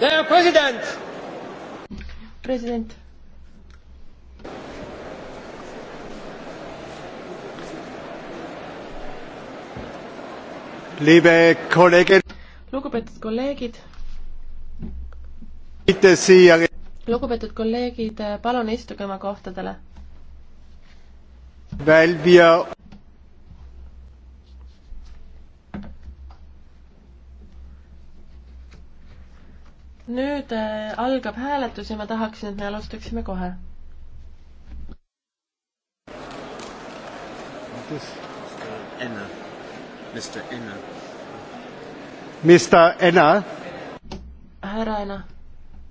Der Präsident! Präsident. Liebe Kollegin. lugupeetud kolleegid. lugupeetud kolleegid, palun istuge oma kohtadele. Weil wir nüüd äh, algab hääletus ja ma tahaksin, et me alustaksime kohe. Mr Enna. härra Enna.